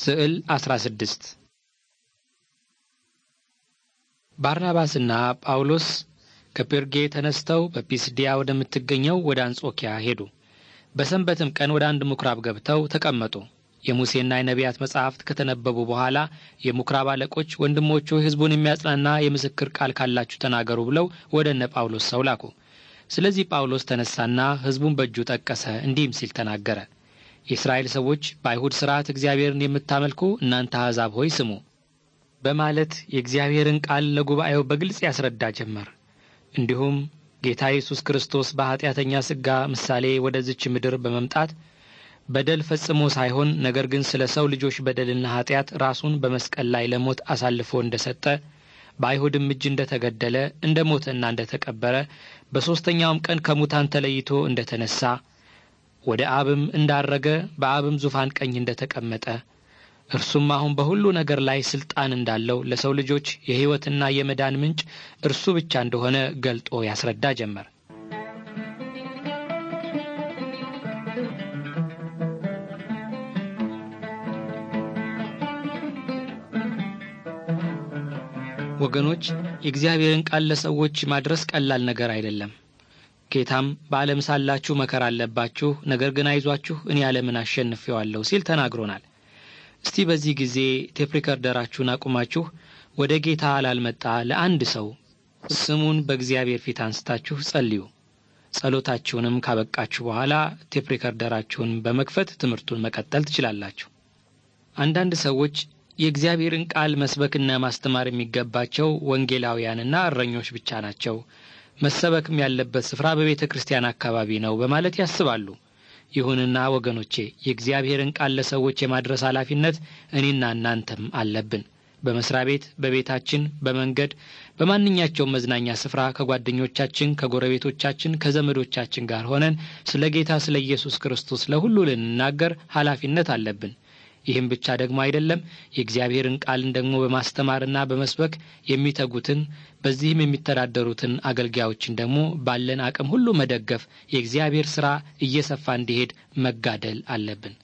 ስዕል 16 ባርናባስና ጳውሎስ ከጴርጌ ተነስተው በፒስዲያ ወደምትገኘው ወደ አንጾኪያ ሄዱ። በሰንበትም ቀን ወደ አንድ ሙኩራብ ገብተው ተቀመጡ። የሙሴና የነቢያት መጻሕፍት ከተነበቡ በኋላ የምኵራብ አለቆች ወንድሞቹ ሕዝቡን የሚያጽናና የምስክር ቃል ካላችሁ ተናገሩ ብለው ወደ እነ ጳውሎስ ሰው ላኩ። ስለዚህ ጳውሎስ ተነሳና ሕዝቡን በእጁ ጠቀሰ፣ እንዲህም ሲል ተናገረ። የእስራኤል ሰዎች በአይሁድ ሥርዓት እግዚአብሔርን የምታመልኩ እናንተ አሕዛብ ሆይ ስሙ በማለት የእግዚአብሔርን ቃል ለጉባኤው በግልጽ ያስረዳ ጀመር። እንዲሁም ጌታ ኢየሱስ ክርስቶስ በኀጢአተኛ ሥጋ ምሳሌ ወደዚች ምድር በመምጣት በደል ፈጽሞ ሳይሆን ነገር ግን ስለ ሰው ልጆች በደልና ኀጢአት ራሱን በመስቀል ላይ ለሞት አሳልፎ እንደ ሰጠ በአይሁድም እጅ እንደ ተገደለ እንደ ሞተና እንደ ተቀበረ በሦስተኛውም ቀን ከሙታን ተለይቶ እንደ ተነሣ ወደ አብም እንዳረገ በአብም ዙፋን ቀኝ እንደተቀመጠ እርሱም አሁን በሁሉ ነገር ላይ ስልጣን እንዳለው ለሰው ልጆች የሕይወትና የመዳን ምንጭ እርሱ ብቻ እንደሆነ ገልጦ ያስረዳ ጀመር። ወገኖች የእግዚአብሔርን ቃል ለሰዎች ማድረስ ቀላል ነገር አይደለም። ጌታም በዓለም ሳላችሁ መከራ አለባችሁ፣ ነገር ግን አይዟችሁ እኔ ዓለምን አሸንፌዋለሁ ሲል ተናግሮናል። እስቲ በዚህ ጊዜ ቴፕ ሪከርደራችሁን አቁማችሁ ወደ ጌታ ላልመጣ ለአንድ ሰው ስሙን በእግዚአብሔር ፊት አንስታችሁ ጸልዩ። ጸሎታችሁንም ካበቃችሁ በኋላ ቴፕ ሪከርደራችሁን በመክፈት ትምህርቱን መቀጠል ትችላላችሁ። አንዳንድ ሰዎች የእግዚአብሔርን ቃል መስበክና ማስተማር የሚገባቸው ወንጌላውያንና እረኞች ብቻ ናቸው መሰበክም ያለበት ስፍራ በቤተ ክርስቲያን አካባቢ ነው በማለት ያስባሉ። ይሁንና ወገኖቼ የእግዚአብሔርን ቃል ለሰዎች የማድረስ ኃላፊነት እኔና እናንተም አለብን። በመስሪያ ቤት፣ በቤታችን፣ በመንገድ፣ በማንኛቸውም መዝናኛ ስፍራ ከጓደኞቻችን፣ ከጎረቤቶቻችን፣ ከዘመዶቻችን ጋር ሆነን ስለ ጌታ ስለ ኢየሱስ ክርስቶስ ለሁሉ ልንናገር ኃላፊነት አለብን። ይህም ብቻ ደግሞ አይደለም፣ የእግዚአብሔርን ቃልን ደግሞ በማስተማርና በመስበክ የሚተጉትን በዚህም የሚተዳደሩትን አገልጋዮችን ደግሞ ባለን አቅም ሁሉ መደገፍ፣ የእግዚአብሔር ሥራ እየሰፋ እንዲሄድ መጋደል አለብን።